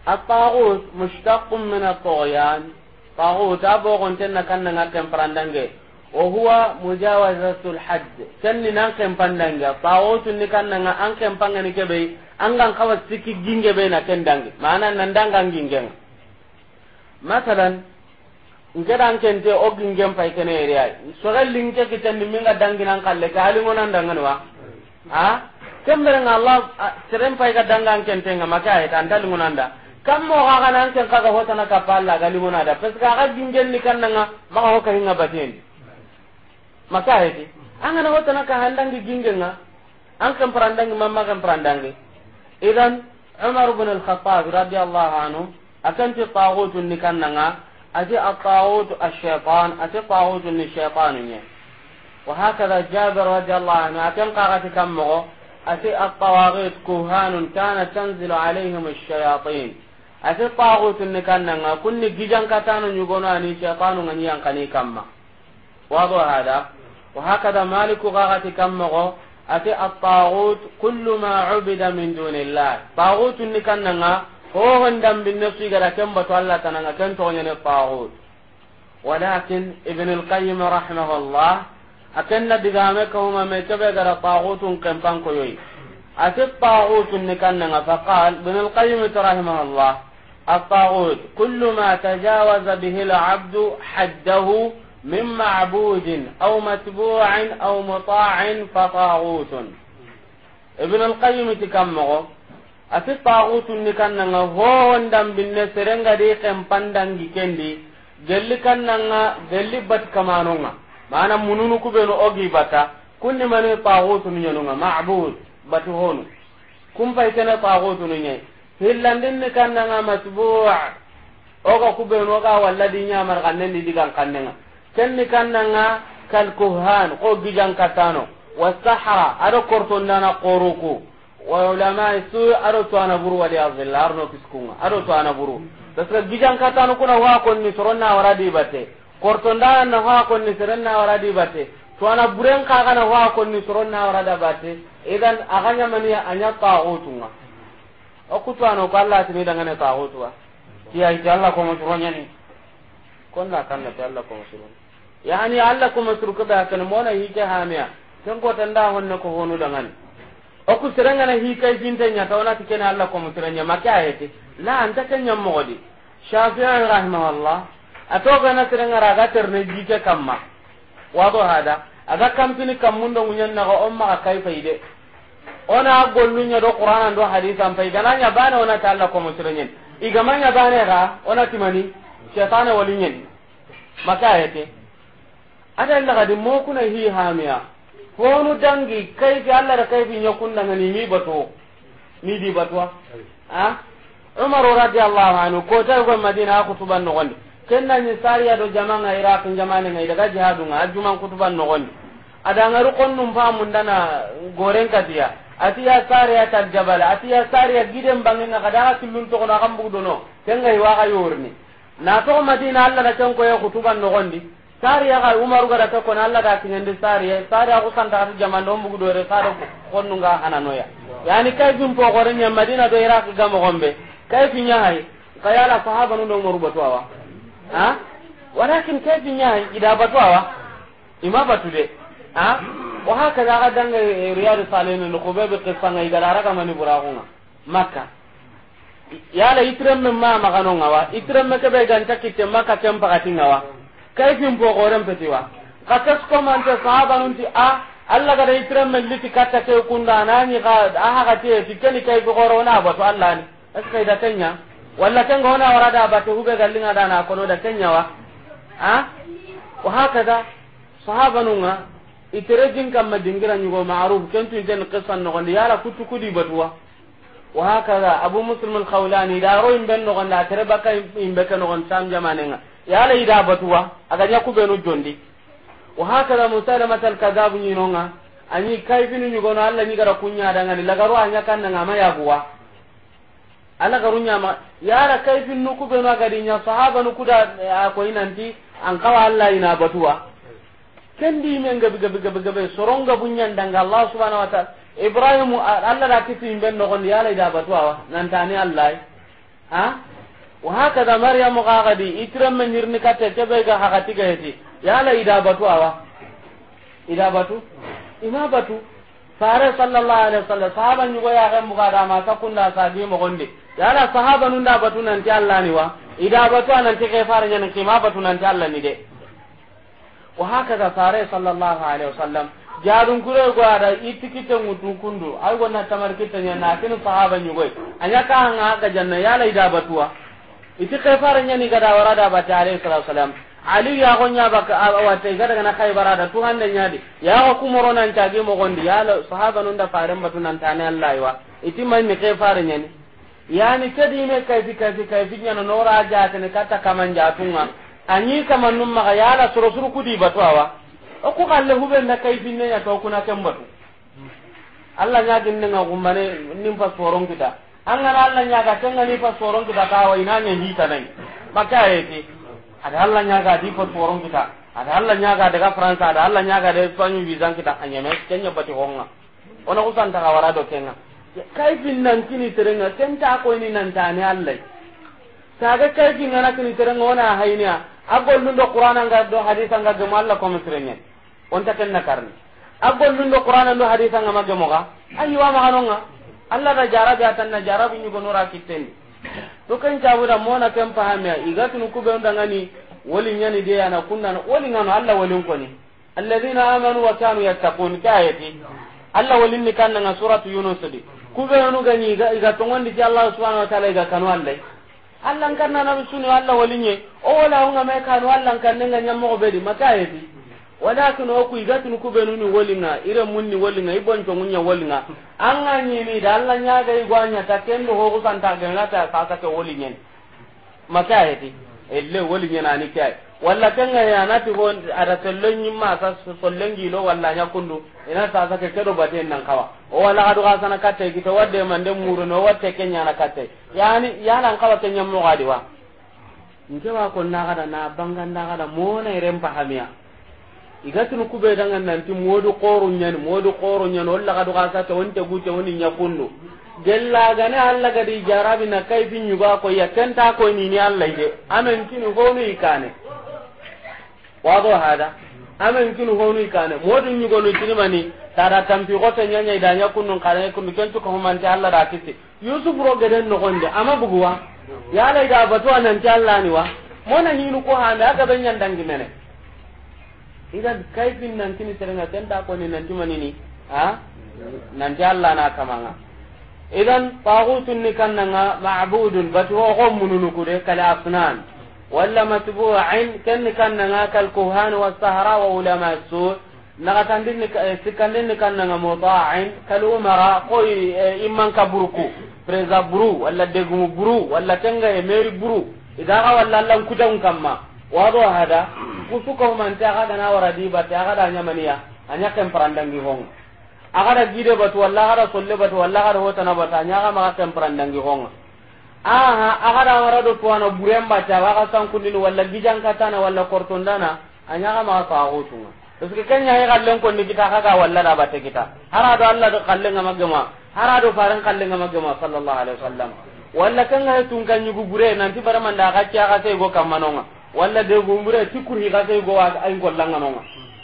S1: attagut mushtaqu min atagyan tagut abogontenna kannanga kemparandange وهو مجاوزة الحد كن نانكم فاندانجا طاوت نكنا أنكم فاندانجا كبي أنكم خواص سكي جينجا بينا كندانجا معنا نندانجا جينجا مثلا ngeda anken te o gingen pay kene eriya so gal linke kitan ni minga danginan kalle ka ali ngonan dangan wa ha kembere nga allah serem pay ga dangan ken te ngama ka da kam mo ga kanan ken ka ga hotana ka palla ga li da pes ga ga gingen ni nga ma ho ka hinga batin maka heti angana hotana ka handangi gingenga an kan parandangi mamma kan parandangi idan umar ibn al-khattab radiyallahu anhu akan ti tawutun ni kannanga ati at-tawut ash-shaytan aje tawutun ni syaitan ne wa hakada jabir radiyallahu anhu akan qarati kammo ati at-tawaghit kuhanun kana tanzilu alaihim ash-shayatin ati tawutun ni kannanga kunni gijang katanu nyugono ani shaytanu ngani yankani kamma wado hada وهكذا مالك غاغتي كمغه أتي الطاغوت كل ما عبد من دون الله طاغوت اللي كان هو غندم بالنفس قال كم بتو الله تنغا كم تغني الطاغوت ولكن ابن القيم رحمه الله أكن بذامك هما ميتبه غدا طاغوت كم بانكو يوي أتي الطاغوت اللي كان فقال ابن القيم رحمه الله الطاغوت كل ما تجاوز به العبد حده من معبود أو متبوع أو مطاع فطاغوت ابن القيم تكمغو أتي طاغوت نكنا هو وندم بالنسرنغ دي قمبندن جيكندي جلي كنا جلي بات كمانونا معنا منونو كبيرو أوغي باتا كل من طاغوت نينونا معبود باتهونو كم فايتنا طاغوت نيني hillandin ni kannanga matbu'a oga kubenu oga walladi nyamar kannenni digan kannenga kenni kannanga kalkuhan ko gijan katano wasahara aɗo kortondana koruku waulamai su ado to buru wali azilla arno kiskunga ado to buru. parce que gijan katano kuna hoa konni soronna wara dibate kortondana na hoa konni soronna wara dibate to ana buren kagana hoa konni soronna wara dabate idan mani anya tagutunga okutwano ko allah tini dangane jalla ko mo soronya ni konna ti allah mo soronya yani alla kuma surku da kan mona hike hamiya ken ko tan da honna ko honu dangan o ku siranga na hike jinta nya ta ona tikene ko kuma seranga maka ayati la anta kan nya modi shafi'i rahimahullah ato na siranga raga terne jike kamma do hada aga mun do munyan na ko umma kai faide ona nya do qur'an do faide fai nya bana ona ta ko kuma seranga igamanya bana ga ona timani shaytana walinyen maka ayati ada mo mokuna hi ko nu dangi ga allah da da ni mi bato mi di bato a Umar radiallahu anhu ta go madina no gonde kenna ni sariya do jamanga iraq ne daga ngaru kon num fa mun dana konnum ka dia atiya sariya ta jabal atiya sariya giden bangenga kadaga killun togono akan bugdono kengai waga yorni na to madina allah da ku koye no gonde Sari ya ga umaru ga ta kona Allah da kin Sari sariya Sari ko kan ta jama'an don bugu dore sari ko nunga ananoya yani kai bin po gore nya madina do iraq ga mo gombe kai fi nya hay ala sahaba no umaru batwa ha walakin kai fi nya hay ida batwa ima batude ha wa haka da ga danga riyadu salihin no ko be be qisanga ida la raga mani buraqunga makka yala itrem ma ma kanonga wa itrem me ke be ganta kitte makka tempa katinga wa kayfin pogoren wa ka kes komante sahaba ti a allah dai itiren men liti katta ke kunda anani ka aha ka te tikeni kay pogoro na to allah ni eska da kenya walla kenga na warada batu hube gallinga na kono da kenya wa ha wa da sahaba ga itere jin ma dingira go ma'ruf tu jin qisan no gonde yala kutu kudi ba to wa hakada abu muslim al khawlani da ro ben no gonda tere baka be kan no gonda sam jamanenga ya la ida batuwa ku benu jondi wa hakala musalamata alkadabu nyinonga ani ni nyugono alla ni gara kunya danga ni lagaru anya kanna ngama yabuwa alla nya ma yala binu nuku benu agadi dinya sahaba nuku da eh, ko inanti an kawa alla ina batuwa kendi men gabi gabi gabi gabi soronga bunyan danga allah subhanahu wa ta'ala ibrahim alla da kifi ben no gon la ida batuwa nan tani allah ha wa hakada maryam gagadi itiram men yirni katte kebe ga hakati ga ya yala ida batu awa ida batu ina batu fare sallallahu alaihi wasallam sahaba nyugo ya ga mugada ma ta kunna sabi mo gonde yala sahaba nun da batu nan ti Allah ni wa ida batu nan ti ke fara nyen ki ma batu nan ti Allah ni de wa da fare sallallahu alaihi wasallam jarun kure go ada itikite mutu kundu ay wonna tamar kitanya na tin sahaba nyugo anya ka nga ga janna yala ida wa. iti kefara nyani gada warada ta alayhi salatu wasalam ali ya gonya baka awate gada gana kai da tuhan hande nyadi ya ko kumoro nan tagi mo gondi ya la sahaba nun da faran batun nan tane allah wa iti mai mi kefara nyani yani kadi me kai fi kai fi kai fi nyana nora ne tane kata kaman ja tunga anyi kaman nun ma ya la suru suru kudi batwa o ku kalle hube na kai fi ne ya to kuna kan batu allah nya ginne ngumane nim pasporon kita an gana Allah ya ga tanga ni fa soron kita ka wa ina ne hita nan maka yake ada Allah ya ga di fa soron kita ada Allah ya ga daga France ada Allah ya ga da Spain visa kita yame me ya bati honga ona kusan ta wara do kenga kai bin nan kini terenga ta ko ni nan ne Allah ga kai bin nan kini terenga ona agol agollu do qur'ana ga do hadisa ga gamo Allah ko misrenye on ta kenna karni agollu do qur'ana do hadisa ga magamo ga ayi wa ma hanonga allah da jarabi atanna jarabi ñugonora kittendi to ken cabuda mona ken pahamea igatunu kubeundangani woli nyani de ana kunnana woli ngano allah ko ni alladina amanu wa kanu yattaqun kayati allah ni. kan nga suratu yunus di kubeenu gani iga togondi ti allah subhanahu wa taala ga kanu allah allah na sunu allah ni o wala nga me kanu allah nkanne nga be di makayati walakin oku igatun kubenu ni wolinga ire munni wolinga ibonco munya wolinga anga ni da alla nyaga igwanya ta kendo ho ta ganga ta ta ke wolinyen maka ti elle wolinyen ani kai walla kanga ya nati ho ada kallon ma ta sollengi lo walla nya kundu ina ta ta ke do baten nan kawa o wala ga sana katte kita wadde mande muru no watte kenya na katte yani yana kawa kenya mu gadi wa nke wa ko na kada na banganda kada mo na irem pahamia igatinu kube dangan nanti modu qoru nyen modu qoru nyen walla kadu kasa to wonte gute woni nyakundu gella gane alla gadi jarabi na kayfi nyuga ko ya kenta ko ni ni alla ide amen kinu honu ikane wado hada amen kinu honu ikane modu nyugo no tinimani tara tampi ko to nyanya ida nyakundu kare mi kentu ko man ta alla da kiti yusuf ro gaden no gonde ama buguwa lai da batu anan ta alla ni wa mona hinu ko hande aga ben nyandangi mene iga kaifin nantini serenga kenta koni nanti manini ha nanti allah na kamanga idan tagutun ni kannanga ma'budun batu ho go mununuku de kala afnan walla matbu'in ken ni kannanga kal kuhan wa sahara wa ulama su nagatandin ni eh, sikandin ni kannanga muta'in kal umara koy eh, imman kaburku preza buru walla degumu buru walla tenga e eh, meri buru idaga walla lan kutan kamma wado hada kusu ko man ta ga na wara di ba ta ga da nya maniya anya kan gi hong aga da gide batu wallahi ada solle batu wallahi ada hota na ta nya ga ma kan gi hong aha aga da wara do tuana ba ta ga san kunin walla gijan kata na walla dana anya ga ma ta ke kan nya ga kallen ko ni kita ga walla da ba ta kita hara do allah do kallin ga gama hara do faran kallin ga gama sallallahu alaihi wasallam walla kan ga tun kan yugu bure nan ti bara man da ga kya ga sai go kamanonga walla de gumbure ti kurhi ga sai go wa ay gollanga no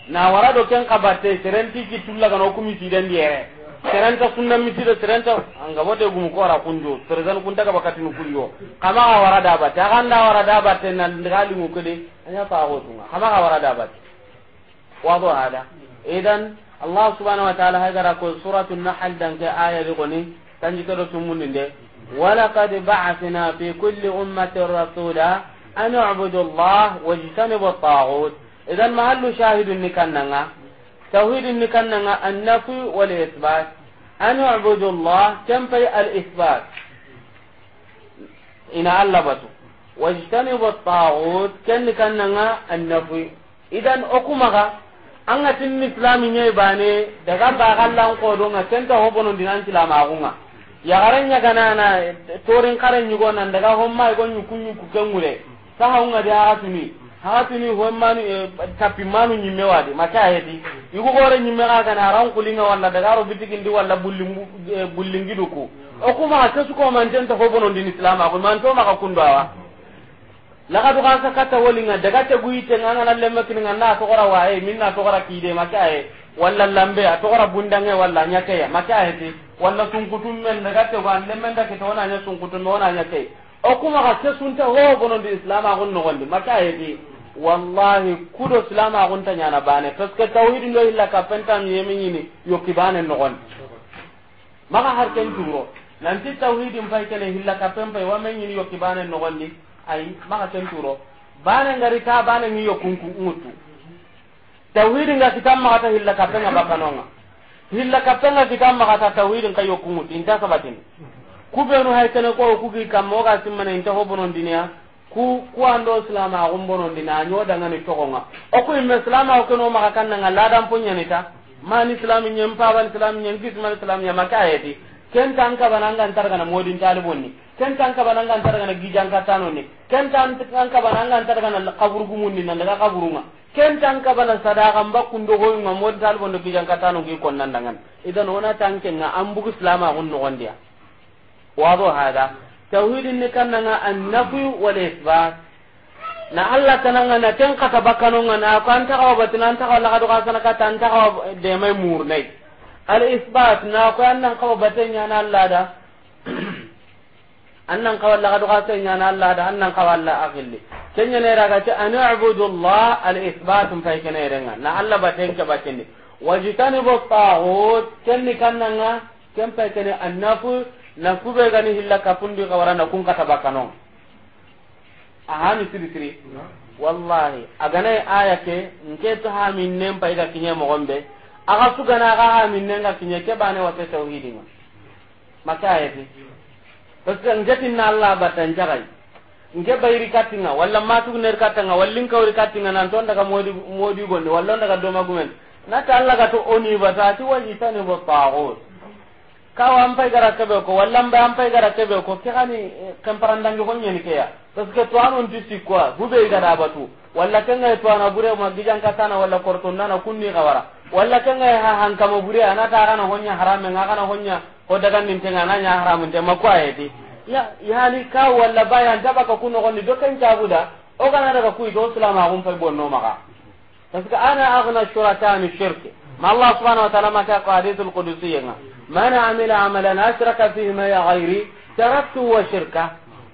S1: na wara do ken kabate serenti ki tulla ga no kumi ti den yere serenta sunna mi ti do serenta anga bote gum ko ra kunjo serezan kun daga bakati no kuriyo kama ga wara da bate kan da wara da bate na ngali mu kede anya ta go tunga kama ga wara da bate wa do ada idan allah subhanahu wa ta'ala ha gara ko suratul nahl dan ga aya de goni tanji to sumunde walaqad ba'athna fi kulli ummatin rasula أن اعبدوا الله واجتنبوا الطاغوت ما هل شاهد نكننا توحيد نكننا النفي والإثبات أن اعبدوا الله كم في الاثبات ina Allah batu wajtanibu at-taghut kan kannanga annafi idan okumaga anga tin islami nyai bane daga ba kallan ko do nga kenta hobono dinan tilama gunga ya garanya kana na torin karen nyugo nan daga homma ko nyukunyu sahawunga di hagatini hagatini hommanu eh, tapi manu ñimme wadi maka hedi igu gore ñimme ka gana aran kulinga walla dagaro bitigindi walla bullingiduku eh, o kuma ke suko mantenta hobonondin islama ko manto maka kundawa lagadu kan ka kata wolinga daga te guite ngana lemme kininga na to gora wae eh, minna to gora kide maka e wala lambe a to gora bundange walla nyake ya maka hedi walla sunkutum men daga te wan lemme ndake to wana nya sunkutum wana nyake o kuma ka ke sunta ho gono di islam agun no gondi maka yedi wallahi kudo islam agun ta nyana bane parce que tawhid lo illa ka penta mi yemi ni yo kibane no gondi maka har ken turo nanti tawhid im fay kene illa ka pempa wa men ni yo kibane no gondi ay maka ken turo bane ngari ta bane ni yo kunku ngutu tawhid nga kitam maka ta illa ka penga bakanonga illa ka penga kitam maka ta tawhid ka yo kungutu inta sabatin ku kubenu kene ko kugi kammo ga simmana inte ho bonondiniya ku ku ando islama agum bonondina anyo dangani togonga o ku imme islama o keno maka kannanga ladan punyanita man islami nyem paban islami nyem kisman islami nyem makayeti ken tan ka bananga antarga na modin talibonni ken tan ka bananga antarga na gijan katano ni ken tan ka bananga antarga na kaburgumun ni nan daga kaburunga ken tan ka bana sadaka mbakun do ma modin tali talibonni gijan katano gi konnan dangan idan ona tan ken na ambugu islama gun no gondia واضح هذا توحيد نكنا النفي والإثبات na Allah tananga na ten kata bakano nga na ko anta ka wabat na anta ka la kadu kasana kata ta ka de mai murnai al isbat na ko nan ka wabat nya na Allah da annan ka la kadu kasana nya na Allah da annan ka walla aqilli kenya ne raga ta an a'budu Allah al isbat fa kana renga na Allah baten ka baten wajitani bo kan kenni kannanga kempa kana annafu na kube gani hilla kapundi kawara na kun kata ahani siri siri wallahi agana aya ke nke to ha min nem ga ha min ke bane wa tauhidi ma maka aya ke to na Allah batan jagai nke bayri katinga walla matu ner katanga wallin kawri katinga nan daga modi modi gonde daga Allah ga to oni ta'ud kawa an fay gara kebe ko walla an an pay gara kebe ko ke gani eh, kemparandangi ko nyeni ke ya to que to anon tisi ko bube gara batu walla kenga to ana bure ma gijan tana walla korton nana kunni gawara walla kenga ha han kama bure anata kana honya harame ngaka na honya ko daga min tenga na nya haramun te makwa yeti ya yani ka walla baya ndaba ka kuno gonni do kan buda o kana daga kuyi do salama hun pay bonno maka parce que ana aghna shuratani shirki ما الله سبحانه وتعالى ما كان حديث القدسية من عمل عملا أشرك فيه ما غيري تركته وشركه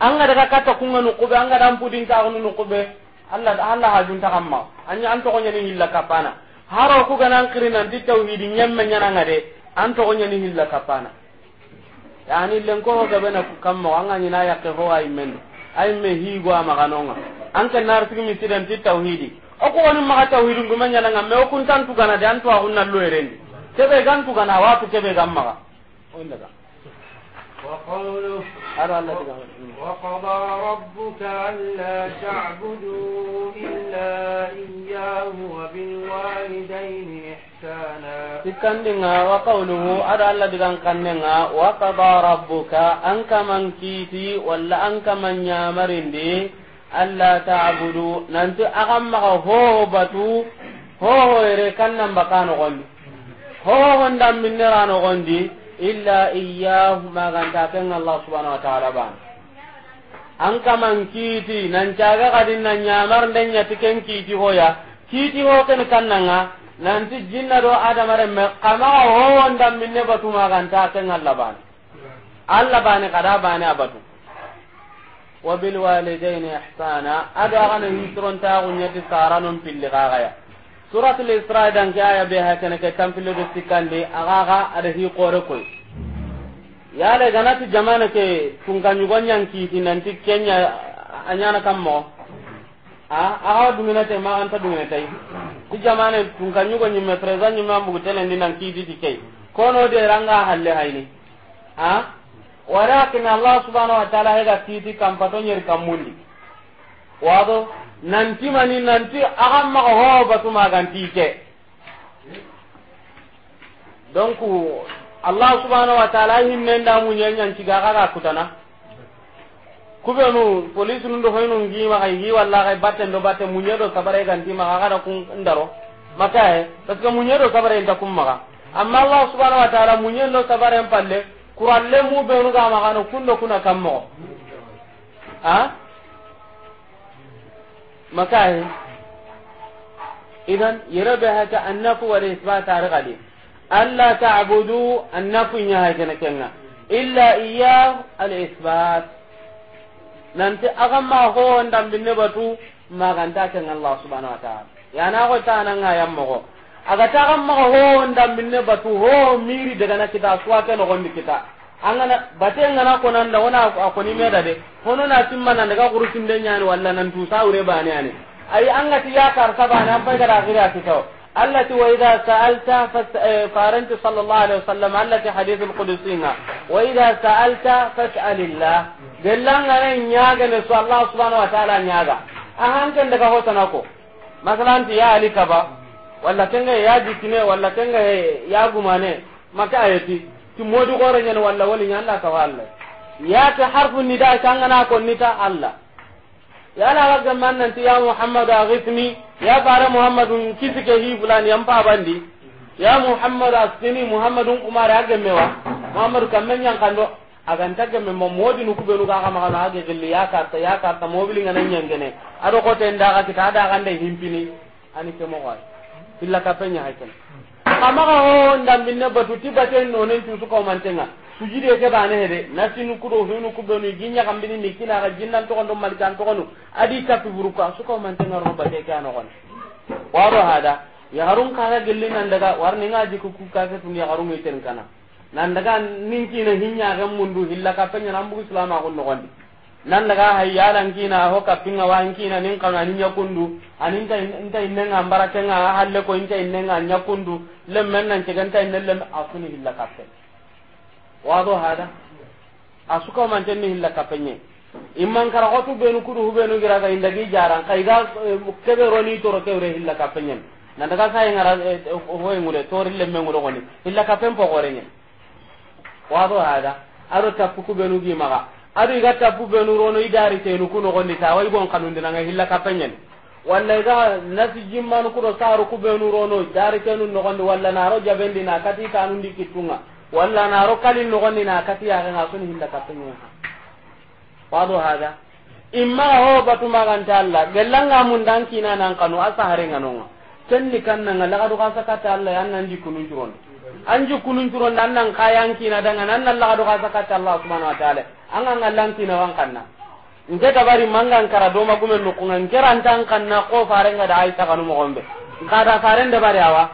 S1: anga daga kata kunga nukube anga dan pudin ka unu nukube Allah Allah hajun ta kamma anya anto ko nyani hilla kapana haro ku gana ankiri nan di tauhidi nyamma nyana ngade anto ko nyani hilla kapana yani len ko ga bena ku kamma anga nyina yakke ho ay men tauhidi oko wani maga tawhidun guma nyana nga me okun tan tu gana dan tuwa hunna lo erendi kebe gan gana wa kebe gan onda ga وقضى ربك ألا تعبدوا إلا إياه وبالوالدين إحسانا تكندنا وقوله أرى الله بغن كندنا وقضى ربك أنك من كيتي ولا أنك من يامرندي alla ta'budu nanti agamma ho batu ho ere kannan bakano gondi ho honda minne rano gondi illa iyyahu maganta ken allah subhanahu wa ta'ala ban an kaman kiti nan caga kadin nan nyamar den nyati ken kiiti hoya kiti ho ken kannanga nanti jinna do Adama me kama ho honda minne batu maganta ken allah ban allah bane kada bane abatu wa bil walidayni ihsana ado agana hisiron taxu ñati saranon pilli xaxaya suratul isra danke aya be ha kene ke de do sikkandi axaxa ada hi qoore koy yale ganati jamana ke tunkañugo ñankiiti nanti kenya a ñana dumina te ma an ta dumina duminatay ti jamana tunkañugo ñimme présent ñimme a mbugu telendi nan kiititi key kono de ranga halle hayni a walakin allah subhanahu wa ta'ala hega titi kam pato nyer kam mundi wado nanti mani nanti agam ma ho batu maganti ke donc allah subhanahu wa ta'ala hinnen da munyen nyan ciga kaga kutana kubenu police nun do hoyno ngi ma kay gi walla kay batten do batte munye do sabare ganti ma kaga kun ndaro maka e parce que munye do sabare inta kum maka amma allah subhanahu wa ta'ala do kuralle mu onu ga magano kunno kuna kammo ha makahi idan ha ta annaku wa isbat arqali alla ta'budu annaku nya ha na kenna illa iya al isbat nanti ma ho ndam binne batu maganta kan Allah subhanahu wa ta'ala yana ko ta tananga yammo aga tagam mako ho ndam minne batu ho miri daga na kita suwa ke no gonni kita angana bate ngana ko nan da wona ko ni me da de hono na timma nan daga guru tinde nyani walla nan tu saure ba ne ani ai an ti ya kar saba na ambe gara gira ti to allati wa idha sa'alta eh, fa'arant sallallahu alaihi wasallam allati hadith alqudusina wa idha sa'alta fas'alillah gelang nya ga ne so allah subhanahu wa ta'ala nyaga ahan ken daga hotanako masalan ti ya ali kaba wala kenga ya jikine wala kenga ya gumane maka ayati ti modu gore nyen wala wali nyanda ka walla ya ta harfu nida kangana ko nita alla ya la wagga man nan ti ya muhammadu aghithni ya bara muhammadu kisike hi fulani yam pa bandi ya muhammadu asini muhammadu kumara aga mewa muhammadu kamen yang kando agan tagge me mo modi nu kubenu ga kama kala age gelli ya ta ya karta mobili ngana nyengene ado ko tenda ka kita ada kan dai himpini ani ke mo illa ka penya hakan kama ga ho ndambinne batu ti tibate no nen tu suko mantenga sujide ke bane hede nasinu kudo hinu kudo ni ginya kambini ni kina ga jinnan to kondo malikan to kono adi tapi buruka suko mantenga ro bate ka no kon waro hada ya harun kaga gelli nan daga warni ngaji ku ku kaga tun ya harun iten kana nan daga ninki na hinya ga mundu illa ka penya nan bu islama kon no kondi nan daga hayyalan kina ho pinga wan kina nin kan anin yakundu anin ta inta inne nga baraka nga halle ko inta inne nga yakundu men nan ce ganta inne lem asuni hilla kappe wado hada asuka man tan hilla ne imman kara hotu benu kudu hubenu gira ga inda gi jaran kai ga eh, kebe roni toro kebe hilla ne nan daga sai ngara eh, eh, hoye ngule tori lemmen ngule koni hilla kafe po gorenye wado hada aro fuku benu gi maga adu iga tapu benu rono idari tenu kuno gondi tawa igon kanundi nanga hilla kapenyen walla iga nasi jimmanu kudo saru ku rono idari tenu nogondi walla naro jabendi na kati kanundi kitunga walla naro kalin nogondi na kati yake nga suni hilla kapenyen wado hada imma ho batuma ganta alla gellanga mun dankina nan kanu asa harenga nonga kenni nga lagadu kasa kata alla nan dikunun jurondi anji kunun curon nan nan kayan kina daga nan nan laga doka sakata Allah subhanahu wa ta'ala an an kina wan kanna nge tabari mangan kara do ma gumen lu kungan keran tan kanna ko fare nga da ai ta kanu mo gombe kada fare nda bari awa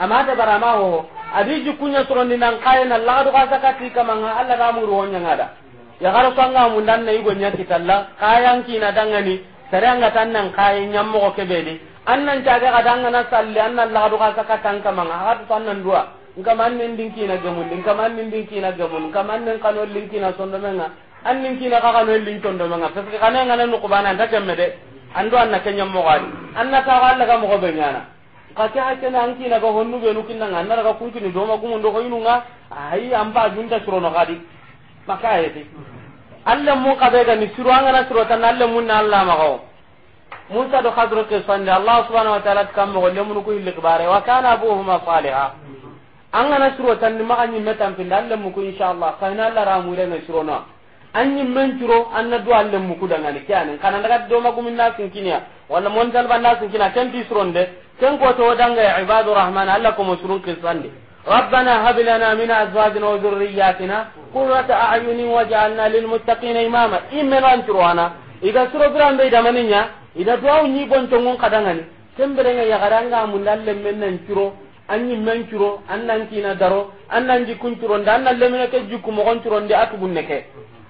S1: amma da bara ma ho adi ji kunya suron din nan kayan Allah doka sakati kamanga Allah ga mu nya ngada ya garo kanga mun dan nayi gonya kitalla kayan kina dangani saranga tan nan kayan nyammo ko kebeli annan caga kadang na salli annan Allah doka sakatan kamanga hatu tan nan dua nka man nin din kina gamun din ka man nin din kina gamun ka man nin kanol din kina sondo menga an nin kina ka kano lin tondo menga parce que kana nan no kubana nda kemme de ando na kenya mo gadi na ta wala ga mo go benyana ka ta ta nan kina ga honnu be nu kinna ngana ka ku kini do ma gumun do ko nga ai ba junta suro no gadi maka de alla mu ka be ga ni suro na suro ta nalle mun na alla ma go musa do khadro ke sande allah subhanahu wa ta'ala kam mo le mun ko hilli kibare wa kana abuhuma salihah angana suro ni maka ñimme tampinde an lemmuku inchallah insha allah suro na an men turo an na do an lemmuku kan ke anin kana ndagati domagumin na sun sinkiniya wala mon ban na sun sinkina ken ti sironde ken kotowo ga ibadu rahman allah komo surun kisande ربنا هب لنا من ازواجنا وذرياتنا قرة اعين واجعلنا للمتقين اماما ايمن انت روانا اذا سورة بران بيدا منيا اذا دعوا نيبون تنغون قدغني كم برنga يغرانغا من للم من ننشرو anyi men curo annan kina daro annan jikun curo nda annan lemine ke jikku mo gon curo nda atugun neke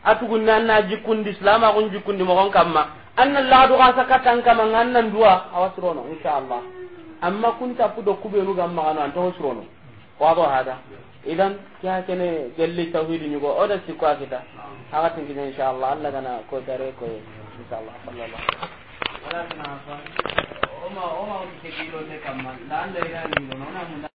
S1: atugun nan na jikun di islam agun jikun di mo gon kamma annan la do gasa katan kama annan dua rono insyaallah amma kun ta pudo ru gamma kana anto wa wado hada idan kya kene gelli ni go oda sikko akita haga kin insyaallah allah kana ko dare ko insyaallah sallallahu alaihi wasallam o o on